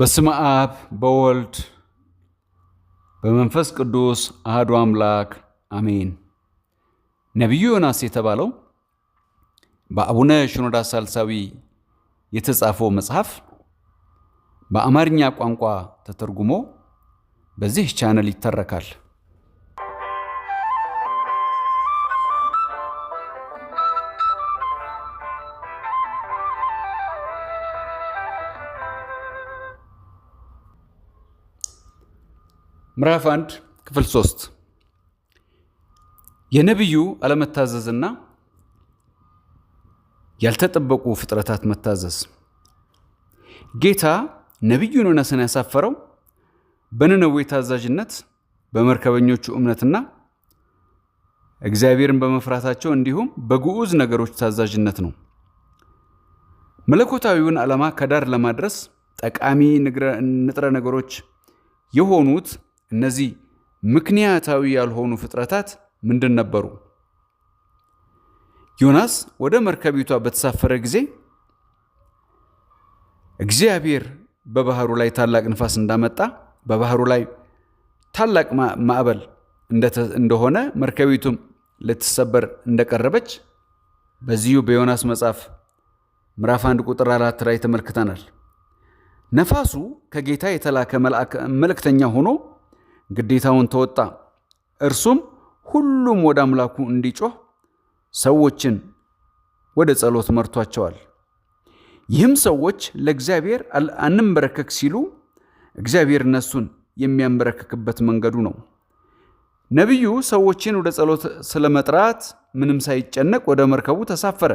በስመ አብ በወልድ በመንፈስ ቅዱስ አህዱ አምላክ አሜን። ነቢዩ ዮናስ የተባለው በአቡነ ሽኖዳ ሳልሳዊ የተጻፈው መጽሐፍ በአማርኛ ቋንቋ ተተርጉሞ በዚህ ቻነል ይተረካል። ምዕራፍ 1 ክፍል 3 የነቢዩ አለመታዘዝና ያልተጠበቁ ፍጥረታት መታዘዝ። ጌታ ነቢዩን ዮናስን ያሳፈረው በነነዌ ታዛዥነት፣ በመርከበኞቹ እምነትና እግዚአብሔርን በመፍራታቸው እንዲሁም በግዑዝ ነገሮች ታዛዥነት ነው። መለኮታዊውን ዓላማ ከዳር ለማድረስ ጠቃሚ ንጥረ ነገሮች የሆኑት እነዚህ ምክንያታዊ ያልሆኑ ፍጥረታት ምንድን ነበሩ? ዮናስ ወደ መርከቢቷ በተሳፈረ ጊዜ እግዚአብሔር በባህሩ ላይ ታላቅ ንፋስ እንዳመጣ በባህሩ ላይ ታላቅ ማዕበል እንደሆነ መርከቢቱም ልትሰበር እንደቀረበች በዚሁ በዮናስ መጽሐፍ ምዕራፍ አንድ ቁጥር አራት ላይ ተመልክተናል። ነፋሱ ከጌታ የተላከ መልእክተኛ ሆኖ ግዴታውን ተወጣ። እርሱም ሁሉም ወደ አምላኩ እንዲጮህ ሰዎችን ወደ ጸሎት መርቷቸዋል። ይህም ሰዎች ለእግዚአብሔር አንንበረከክ ሲሉ እግዚአብሔር እነሱን የሚያንበረከክበት መንገዱ ነው። ነቢዩ ሰዎችን ወደ ጸሎት ስለመጥራት ምንም ሳይጨነቅ ወደ መርከቡ ተሳፈረ።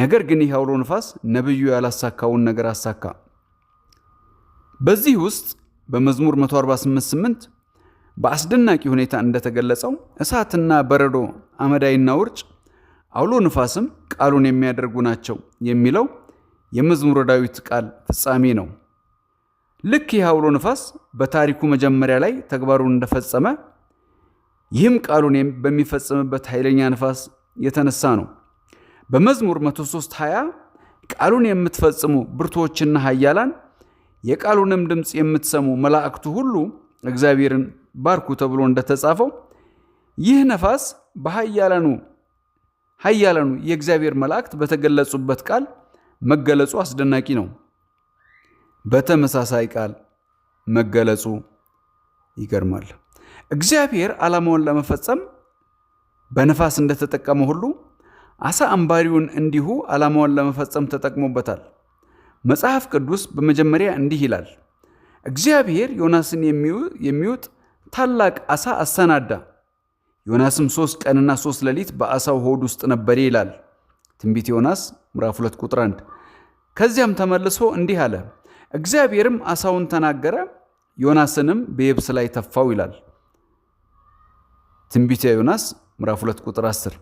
ነገር ግን ይህ አውሎ ንፋስ ነቢዩ ያላሳካውን ነገር አሳካ። በዚህ ውስጥ በመዝሙር 148 በአስደናቂ ሁኔታ እንደተገለጸው እሳትና በረዶ፣ አመዳይና ውርጭ፣ አውሎ ንፋስም ቃሉን የሚያደርጉ ናቸው የሚለው የመዝሙረ ዳዊት ቃል ፍጻሜ ነው። ልክ ይህ አውሎ ንፋስ በታሪኩ መጀመሪያ ላይ ተግባሩን እንደፈጸመ ይህም ቃሉን በሚፈጽምበት ኃይለኛ ንፋስ የተነሳ ነው። በመዝሙር 103 ቃሉን የምትፈጽሙ ብርቶችና ኃያላን የቃሉንም ድምፅ የምትሰሙ መላእክቱ ሁሉ እግዚአብሔርን ባርኩ ተብሎ እንደተጻፈው ይህ ነፋስ በሀያለኑ ሀያለኑ የእግዚአብሔር መላእክት በተገለጹበት ቃል መገለጹ አስደናቂ ነው። በተመሳሳይ ቃል መገለጹ ይገርማል። እግዚአብሔር ዓላማውን ለመፈጸም በነፋስ እንደተጠቀመ ሁሉ አሳ አንባሪውን እንዲሁ ዓላማውን ለመፈጸም ተጠቅሞበታል። መጽሐፍ ቅዱስ በመጀመሪያ እንዲህ ይላል፣ እግዚአብሔር ዮናስን የሚውጥ ታላቅ አሳ አሰናዳ። ዮናስም ሦስት ቀንና ሦስት ሌሊት በአሳው ሆድ ውስጥ ነበር ይላል ትንቢት ዮናስ ምዕራፍ 2 ቁጥር 1። ከዚያም ተመልሶ እንዲህ አለ፣ እግዚአብሔርም አሳውን ተናገረ፣ ዮናስንም በየብስ ላይ ተፋው ይላል ትንቢት ዮናስ ምዕራፍ 2 ቁጥር 10።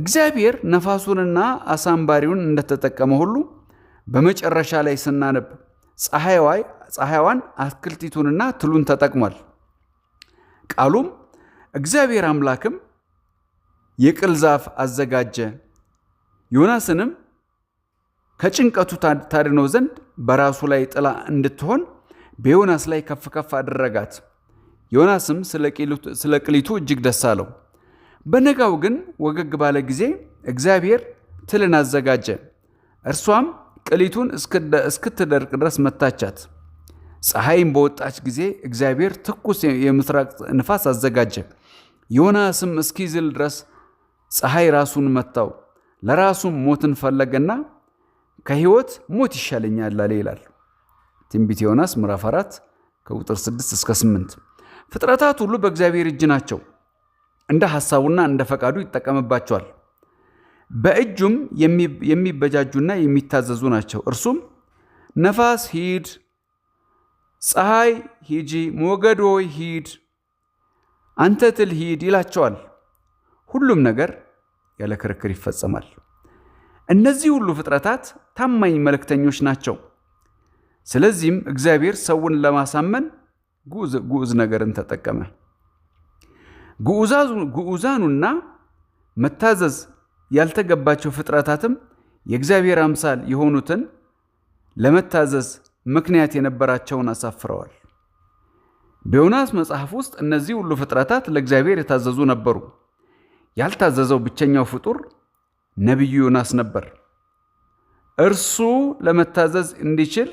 እግዚአብሔር ነፋሱንና አንባሪውን እንደተጠቀመ ሁሉ በመጨረሻ ላይ ስናነብ ፀሐይዋን አትክልቲቱንና ትሉን ተጠቅሟል። ቃሉም እግዚአብሔር አምላክም የቅል ዛፍ አዘጋጀ፣ ዮናስንም ከጭንቀቱ ታድነው ዘንድ በራሱ ላይ ጥላ እንድትሆን በዮናስ ላይ ከፍ ከፍ አደረጋት። ዮናስም ስለ ቅሊቱ እጅግ ደስ አለው። በነጋው ግን ወገግ ባለ ጊዜ እግዚአብሔር ትልን አዘጋጀ፣ እርሷም ቅሊቱን እስክትደርቅ ድረስ መታቻት። ፀሐይም በወጣች ጊዜ እግዚአብሔር ትኩስ የምስራቅ ንፋስ አዘጋጀ። ዮናስም እስኪዝል ድረስ ፀሐይ ራሱን መታው። ለራሱም ሞትን ፈለገና ከሕይወት ሞት ይሻለኛል አለ ይላል ትንቢት ዮናስ ምዕራፍ 4 ከቁጥር 6 እስከ 8። ፍጥረታት ሁሉ በእግዚአብሔር እጅ ናቸው። እንደ ሐሳቡና እንደ ፈቃዱ ይጠቀምባቸዋል። በእጁም የሚበጃጁና የሚታዘዙ ናቸው። እርሱም ነፋስ ሂድ፣ ፀሐይ ሂጂ፣ ሞገድ ሆይ ሂድ፣ አንተ ትል ሂድ ይላቸዋል። ሁሉም ነገር ያለ ክርክር ይፈጸማል። እነዚህ ሁሉ ፍጥረታት ታማኝ መልእክተኞች ናቸው። ስለዚህም እግዚአብሔር ሰውን ለማሳመን ጉዑዝ ነገርን ተጠቀመ። ጉዑዛኑና መታዘዝ ያልተገባቸው ፍጥረታትም የእግዚአብሔር አምሳል የሆኑትን ለመታዘዝ ምክንያት የነበራቸውን አሳፍረዋል። በዮናስ መጽሐፍ ውስጥ እነዚህ ሁሉ ፍጥረታት ለእግዚአብሔር የታዘዙ ነበሩ። ያልታዘዘው ብቸኛው ፍጡር ነቢዩ ዮናስ ነበር። እርሱ ለመታዘዝ እንዲችል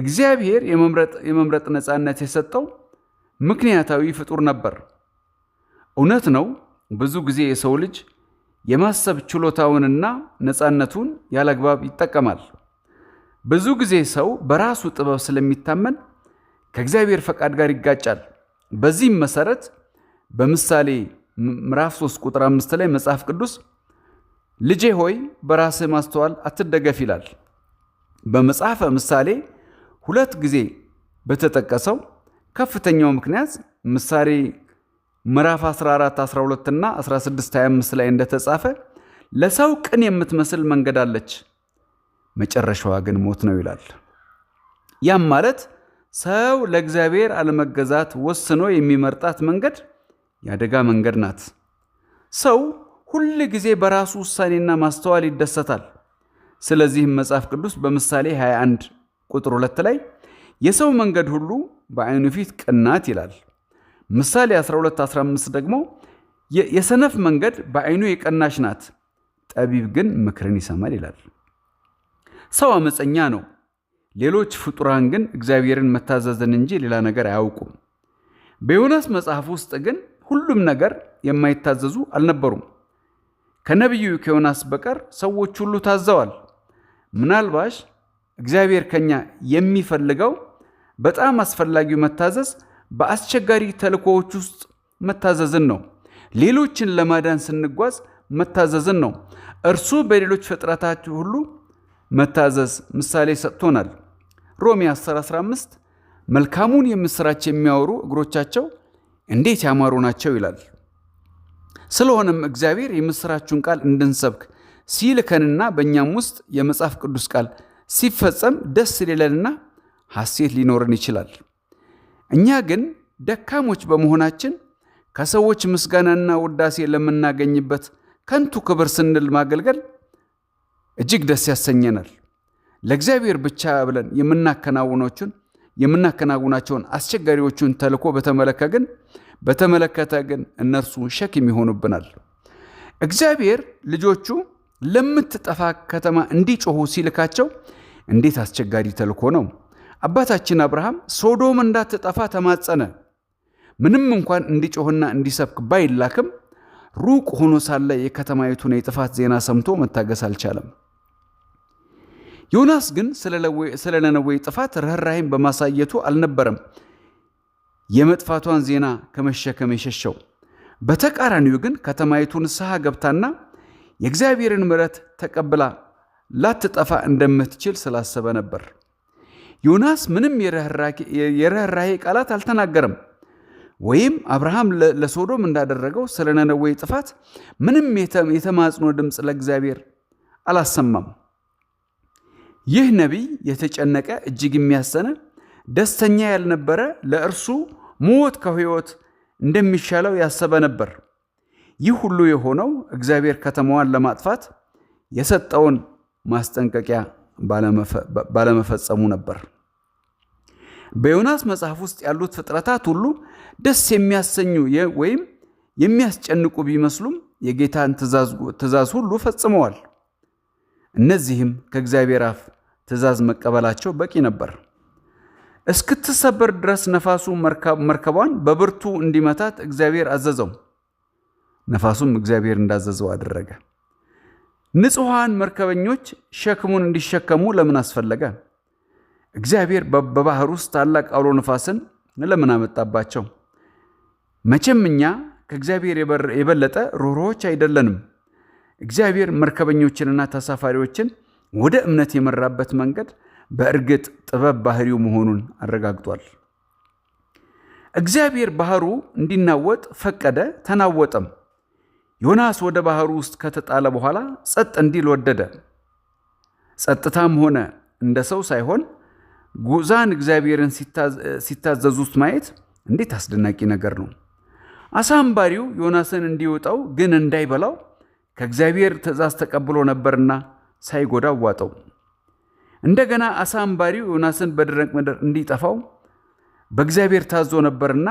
እግዚአብሔር የመምረጥ ነፃነት የሰጠው ምክንያታዊ ፍጡር ነበር። እውነት ነው፣ ብዙ ጊዜ የሰው ልጅ የማሰብ ችሎታውንና ነፃነቱን ያለግባብ ይጠቀማል። ብዙ ጊዜ ሰው በራሱ ጥበብ ስለሚታመን ከእግዚአብሔር ፈቃድ ጋር ይጋጫል። በዚህም መሰረት በምሳሌ ምዕራፍ 3 ቁጥር 5 ላይ መጽሐፍ ቅዱስ ልጄ ሆይ በራስህ ማስተዋል አትደገፍ ይላል። በመጽሐፈ ምሳሌ ሁለት ጊዜ በተጠቀሰው ከፍተኛው ምክንያት ምሳሌ ምዕራፍ 14 12 እና 16 25 ላይ እንደተጻፈ ለሰው ቅን የምትመስል መንገድ አለች፣ መጨረሻዋ ግን ሞት ነው ይላል። ያም ማለት ሰው ለእግዚአብሔር አለመገዛት ወስኖ የሚመርጣት መንገድ የአደጋ መንገድ ናት። ሰው ሁል ጊዜ በራሱ ውሳኔና ማስተዋል ይደሰታል። ስለዚህም መጽሐፍ ቅዱስ በምሳሌ 21 ቁጥር 2 ላይ የሰው መንገድ ሁሉ በዓይኑ ፊት ቅን ናት ይላል። ምሳሌ 1215 ደግሞ የሰነፍ መንገድ በአይኑ የቀናሽ ናት፣ ጠቢብ ግን ምክርን ይሰማል ይላል። ሰው አመፀኛ ነው። ሌሎች ፍጡራን ግን እግዚአብሔርን መታዘዝን እንጂ ሌላ ነገር አያውቁም። በዮናስ መጽሐፍ ውስጥ ግን ሁሉም ነገር የማይታዘዙ አልነበሩም። ከነቢዩ ከዮናስ በቀር ሰዎች ሁሉ ታዘዋል። ምናልባሽ እግዚአብሔር ከኛ የሚፈልገው በጣም አስፈላጊው መታዘዝ በአስቸጋሪ ተልእኮዎች ውስጥ መታዘዝን ነው። ሌሎችን ለማዳን ስንጓዝ መታዘዝን ነው። እርሱ በሌሎች ፍጥረታት ሁሉ መታዘዝ ምሳሌ ሰጥቶናል። ሮሜ 10፥15 መልካሙን የምሥራች የሚያወሩ እግሮቻቸው እንዴት ያማሩ ናቸው ይላል። ስለሆነም እግዚአብሔር የምሥራችሁን ቃል እንድንሰብክ ሲልከንና በእኛም ውስጥ የመጽሐፍ ቅዱስ ቃል ሲፈጸም ደስ ሊለንና ሐሴት ሊኖረን ይችላል። እኛ ግን ደካሞች በመሆናችን ከሰዎች ምስጋናና ውዳሴ ለምናገኝበት ከንቱ ክብር ስንል ማገልገል እጅግ ደስ ያሰኘናል። ለእግዚአብሔር ብቻ ብለን የምናከናውኖቹን የምናከናውናቸውን አስቸጋሪዎቹን ተልእኮ በተመለከ ግን በተመለከተ ግን እነርሱ ሸክም ይሆኑብናል። እግዚአብሔር ልጆቹ ለምትጠፋ ከተማ እንዲጮኹ ሲልካቸው እንዴት አስቸጋሪ ተልእኮ ነው! አባታችን አብርሃም ሶዶም እንዳትጠፋ ተማጸነ። ምንም እንኳን እንዲጮህና እንዲሰብክ ባይላክም ሩቅ ሆኖ ሳለ የከተማይቱን የጥፋት ዜና ሰምቶ መታገስ አልቻለም። ዮናስ ግን ስለ ነነዌ ጥፋት ርኅራኄን በማሳየቱ አልነበረም የመጥፋቷን ዜና ከመሸከም የሸሸው። በተቃራኒው ግን ከተማይቱን ንስሐ ገብታና የእግዚአብሔርን ምሕረት ተቀብላ ላትጠፋ እንደምትችል ስላሰበ ነበር። ዮናስ ምንም የርኅራሄ ቃላት አልተናገረም። ወይም አብርሃም ለሶዶም እንዳደረገው ስለ ነነዌ ጥፋት ምንም የተማጽኖ ድምፅ ለእግዚአብሔር አላሰማም። ይህ ነቢይ የተጨነቀ እጅግ የሚያሰነ ደስተኛ ያልነበረ ለእርሱ ሞት ከሕይወት እንደሚሻለው ያሰበ ነበር። ይህ ሁሉ የሆነው እግዚአብሔር ከተማዋን ለማጥፋት የሰጠውን ማስጠንቀቂያ ባለመፈጸሙ ነበር። በዮናስ መጽሐፍ ውስጥ ያሉት ፍጥረታት ሁሉ ደስ የሚያሰኙ ወይም የሚያስጨንቁ ቢመስሉም የጌታን ትእዛዝ ሁሉ ፈጽመዋል። እነዚህም ከእግዚአብሔር አፍ ትእዛዝ መቀበላቸው በቂ ነበር። እስክትሰበር ድረስ ነፋሱ መርከቧን በብርቱ እንዲመታት እግዚአብሔር አዘዘው። ነፋሱም እግዚአብሔር እንዳዘዘው አደረገ። ንጹሐን መርከበኞች ሸክሙን እንዲሸከሙ ለምን አስፈለገ? እግዚአብሔር በባህር ውስጥ ታላቅ አውሎ ንፋስን ለምን አመጣባቸው? መቼም እኛ ከእግዚአብሔር የበለጠ ሮሮዎች አይደለንም። እግዚአብሔር መርከበኞችንና ተሳፋሪዎችን ወደ እምነት የመራበት መንገድ በእርግጥ ጥበብ ባህሪው መሆኑን አረጋግጧል። እግዚአብሔር ባህሩ እንዲናወጥ ፈቀደ፣ ተናወጠም። ዮናስ ወደ ባህሩ ውስጥ ከተጣለ በኋላ ጸጥ እንዲል ወደደ። ጸጥታም ሆነ እንደ ሰው ሳይሆን ጉዛን እግዚአብሔርን ሲታዘዙት ማየት እንዴት አስደናቂ ነገር ነው! አሳ አንባሪው ዮናስን እንዲወጣው ግን እንዳይበላው ከእግዚአብሔር ትእዛዝ ተቀብሎ ነበርና ሳይጎዳ ዋጠው። እንደገና አሳ አንባሪው ዮናስን በደረቅ ምድር እንዲጠፋው በእግዚአብሔር ታዞ ነበርና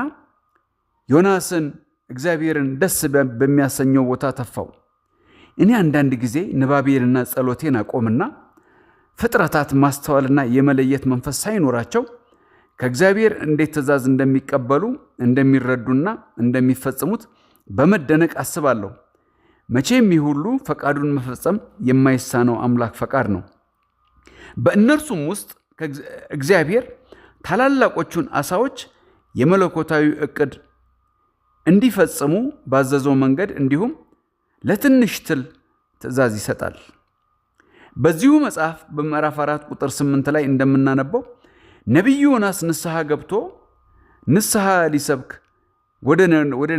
ዮናስን እግዚአብሔርን ደስ በሚያሰኘው ቦታ ተፋው። እኔ አንዳንድ ጊዜ ንባቤንና ጸሎቴን አቆምና ፍጥረታት ማስተዋልና የመለየት መንፈስ ሳይኖራቸው ከእግዚአብሔር እንዴት ትእዛዝ እንደሚቀበሉ እንደሚረዱና እንደሚፈጽሙት በመደነቅ አስባለሁ። መቼም ይህ ሁሉ ፈቃዱን መፈጸም የማይሳነው አምላክ ፈቃድ ነው። በእነርሱም ውስጥ እግዚአብሔር ታላላቆቹን አሳዎች የመለኮታዊ እቅድ እንዲፈጽሙ ባዘዘው መንገድ እንዲሁም ለትንሽ ትል ትእዛዝ ይሰጣል። በዚሁ መጽሐፍ በምዕራፍ አራት ቁጥር ስምንት ላይ እንደምናነበው ነቢዩ ዮናስ ንስሐ ገብቶ ንስሐ ሊሰብክ ወደ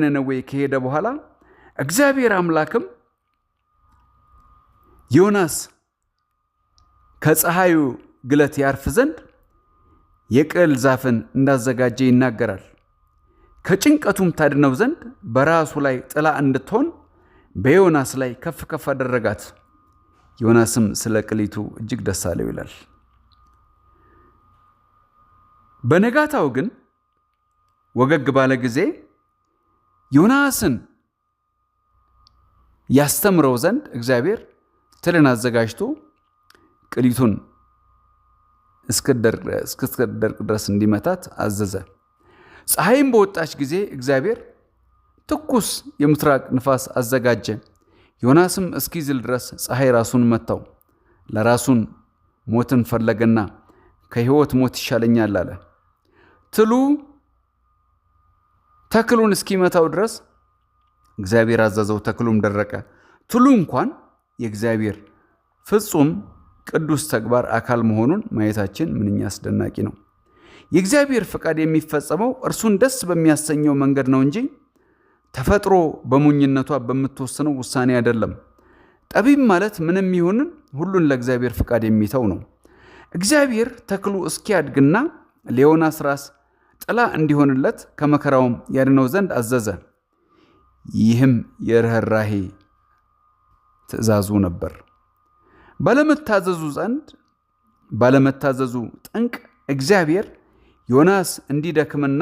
ነነዌ ከሄደ በኋላ እግዚአብሔር አምላክም ዮናስ ከፀሐዩ ግለት ያርፍ ዘንድ የቅል ዛፍን እንዳዘጋጀ ይናገራል። ከጭንቀቱም ታድነው ዘንድ በራሱ ላይ ጥላ እንድትሆን በዮናስ ላይ ከፍ ከፍ አደረጋት። ዮናስም ስለ ቅሊቱ እጅግ ደስ አለው ይላል። በነጋታው ግን ወገግ ባለ ጊዜ ዮናስን ያስተምረው ዘንድ እግዚአብሔር ትልን አዘጋጅቶ ቅሊቱን እስክትደርቅ ድረስ እንዲመታት አዘዘ። ፀሐይም በወጣች ጊዜ እግዚአብሔር ትኩስ የምስራቅ ንፋስ አዘጋጀ። ዮናስም እስኪዝል ድረስ ፀሐይ ራሱን መታው። ለራሱን ሞትን ፈለገና ከሕይወት ሞት ይሻለኛል አለ። ትሉ ተክሉን እስኪመታው ድረስ እግዚአብሔር አዘዘው። ተክሉም ደረቀ። ትሉ እንኳን የእግዚአብሔር ፍጹም ቅዱስ ተግባር አካል መሆኑን ማየታችን ምንኛ አስደናቂ ነው። የእግዚአብሔር ፈቃድ የሚፈጸመው እርሱን ደስ በሚያሰኘው መንገድ ነው እንጂ ተፈጥሮ በሞኝነቷ በምትወስነው ውሳኔ አይደለም። ጠቢብ ማለት ምንም ይሁንን ሁሉን ለእግዚአብሔር ፍቃድ የሚተው ነው። እግዚአብሔር ተክሉ እስኪያድግና ለዮናስ ራስ ጥላ እንዲሆንለት ከመከራውም ያድነው ዘንድ አዘዘ። ይህም የርኅራሄ ትእዛዙ ነበር። ባለመታዘዙ ዘንድ ባለመታዘዙ ጠንቅ እግዚአብሔር ዮናስ እንዲደክምና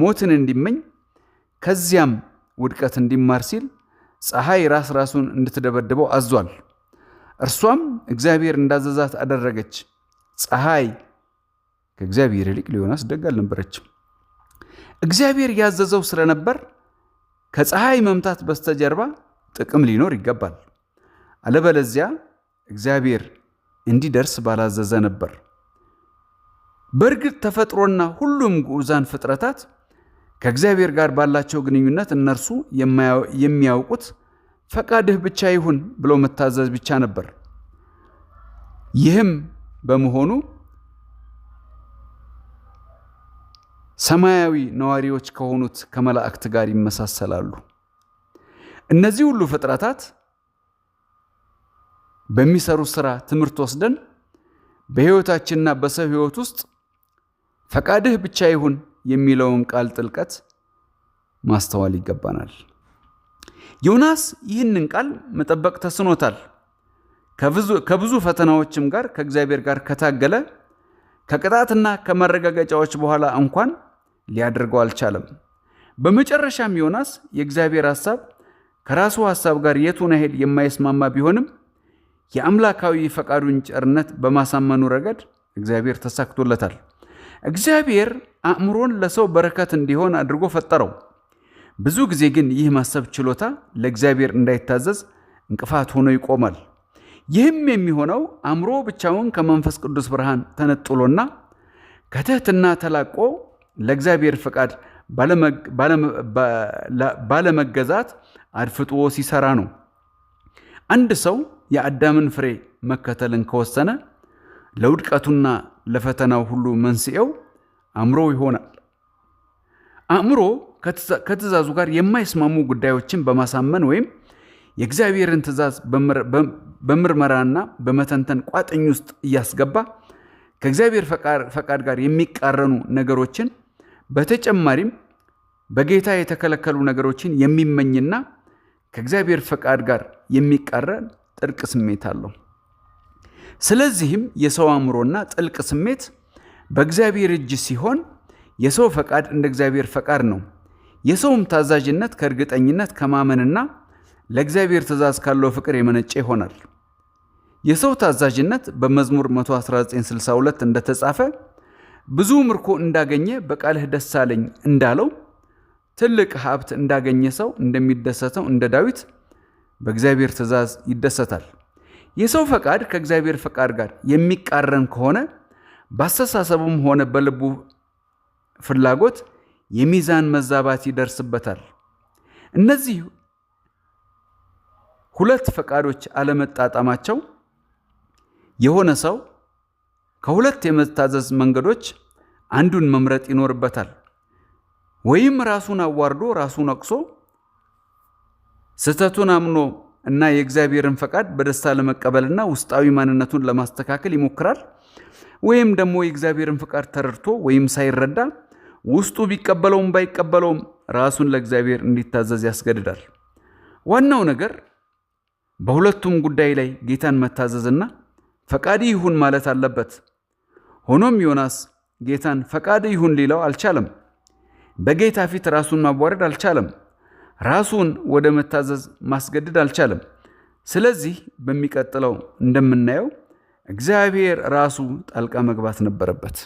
ሞትን እንዲመኝ ከዚያም ውድቀት እንዲማር ሲል ፀሐይ ራስ ራሱን እንድትደበድበው አዟል። እርሷም እግዚአብሔር እንዳዘዛት አደረገች። ፀሐይ ከእግዚአብሔር ይልቅ ሊዮናስ ደግ አልነበረችም። እግዚአብሔር ያዘዘው ስለነበር ከፀሐይ መምታት በስተጀርባ ጥቅም ሊኖር ይገባል። አለበለዚያ እግዚአብሔር እንዲደርስ ባላዘዘ ነበር። በእርግጥ ተፈጥሮና ሁሉም ግዑዛን ፍጥረታት ከእግዚአብሔር ጋር ባላቸው ግንኙነት እነርሱ የሚያውቁት ፈቃድህ ብቻ ይሁን ብሎ መታዘዝ ብቻ ነበር። ይህም በመሆኑ ሰማያዊ ነዋሪዎች ከሆኑት ከመላእክት ጋር ይመሳሰላሉ። እነዚህ ሁሉ ፍጥረታት በሚሰሩት ስራ ትምህርት ወስደን በሕይወታችንና በሰው ሕይወት ውስጥ ፈቃድህ ብቻ ይሁን የሚለውን ቃል ጥልቀት ማስተዋል ይገባናል። ዮናስ ይህንን ቃል መጠበቅ ተስኖታል። ከብዙ ፈተናዎችም ጋር ከእግዚአብሔር ጋር ከታገለ ከቅጣትና ከመረጋገጫዎች በኋላ እንኳን ሊያደርገው አልቻለም። በመጨረሻም ዮናስ የእግዚአብሔር ሐሳብ ከራሱ ሐሳብ ጋር የቱን ያህል የማይስማማ ቢሆንም የአምላካዊ ፈቃዱን ጨርነት በማሳመኑ ረገድ እግዚአብሔር ተሳክቶለታል። እግዚአብሔር አእምሮን ለሰው በረከት እንዲሆን አድርጎ ፈጠረው። ብዙ ጊዜ ግን ይህ ማሰብ ችሎታ ለእግዚአብሔር እንዳይታዘዝ እንቅፋት ሆኖ ይቆማል። ይህም የሚሆነው አእምሮ ብቻውን ከመንፈስ ቅዱስ ብርሃን ተነጥሎና ከትህትና ተላቆ ለእግዚአብሔር ፈቃድ ባለመገዛት አድፍጦ ሲሰራ ነው። አንድ ሰው የአዳምን ፍሬ መከተልን ከወሰነ ለውድቀቱና ለፈተናው ሁሉ መንስኤው አእምሮ ይሆናል። አእምሮ ከትእዛዙ ጋር የማይስማሙ ጉዳዮችን በማሳመን ወይም የእግዚአብሔርን ትእዛዝ በምርመራና በመተንተን ቋጥኝ ውስጥ እያስገባ ከእግዚአብሔር ፈቃድ ጋር የሚቃረኑ ነገሮችን በተጨማሪም በጌታ የተከለከሉ ነገሮችን የሚመኝና ከእግዚአብሔር ፈቃድ ጋር የሚቃረን ጥልቅ ስሜት አለው። ስለዚህም የሰው አእምሮና ጥልቅ ስሜት በእግዚአብሔር እጅ ሲሆን የሰው ፈቃድ እንደ እግዚአብሔር ፈቃድ ነው። የሰውም ታዛዥነት ከእርግጠኝነት ከማመንና ለእግዚአብሔር ትእዛዝ ካለው ፍቅር የመነጨ ይሆናል። የሰው ታዛዥነት በመዝሙር 11962 እንደተጻፈ ብዙ ምርኮ እንዳገኘ በቃልህ ደስ አለኝ እንዳለው ትልቅ ሀብት እንዳገኘ ሰው እንደሚደሰተው እንደ ዳዊት በእግዚአብሔር ትእዛዝ ይደሰታል። የሰው ፈቃድ ከእግዚአብሔር ፈቃድ ጋር የሚቃረን ከሆነ በአስተሳሰቡም ሆነ በልቡ ፍላጎት የሚዛን መዛባት ይደርስበታል። እነዚህ ሁለት ፈቃዶች አለመጣጣማቸው የሆነ ሰው ከሁለት የመታዘዝ መንገዶች አንዱን መምረጥ ይኖርበታል። ወይም ራሱን አዋርዶ ራሱን ነቅሶ ስህተቱን አምኖ እና የእግዚአብሔርን ፈቃድ በደስታ ለመቀበልና ውስጣዊ ማንነቱን ለማስተካከል ይሞክራል። ወይም ደግሞ የእግዚአብሔርን ፈቃድ ተረድቶ ወይም ሳይረዳ ውስጡ ቢቀበለውም ባይቀበለውም ራሱን ለእግዚአብሔር እንዲታዘዝ ያስገድዳል። ዋናው ነገር በሁለቱም ጉዳይ ላይ ጌታን መታዘዝና ፈቃድ ይሁን ማለት አለበት። ሆኖም ዮናስ ጌታን ፈቃድ ይሁን ሊለው አልቻለም። በጌታ ፊት ራሱን ማዋረድ አልቻለም። ራሱን ወደ መታዘዝ ማስገደድ አልቻለም። ስለዚህ በሚቀጥለው እንደምናየው እግዚአብሔር ራሱ ጣልቃ መግባት ነበረበት።